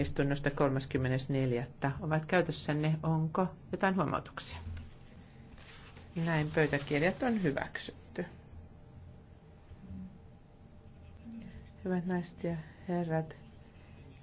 istunnosta 34. ovat käytössänne. Onko jotain huomautuksia? Näin pöytäkirjat on hyväksytty. Hyvät naiset ja herrat,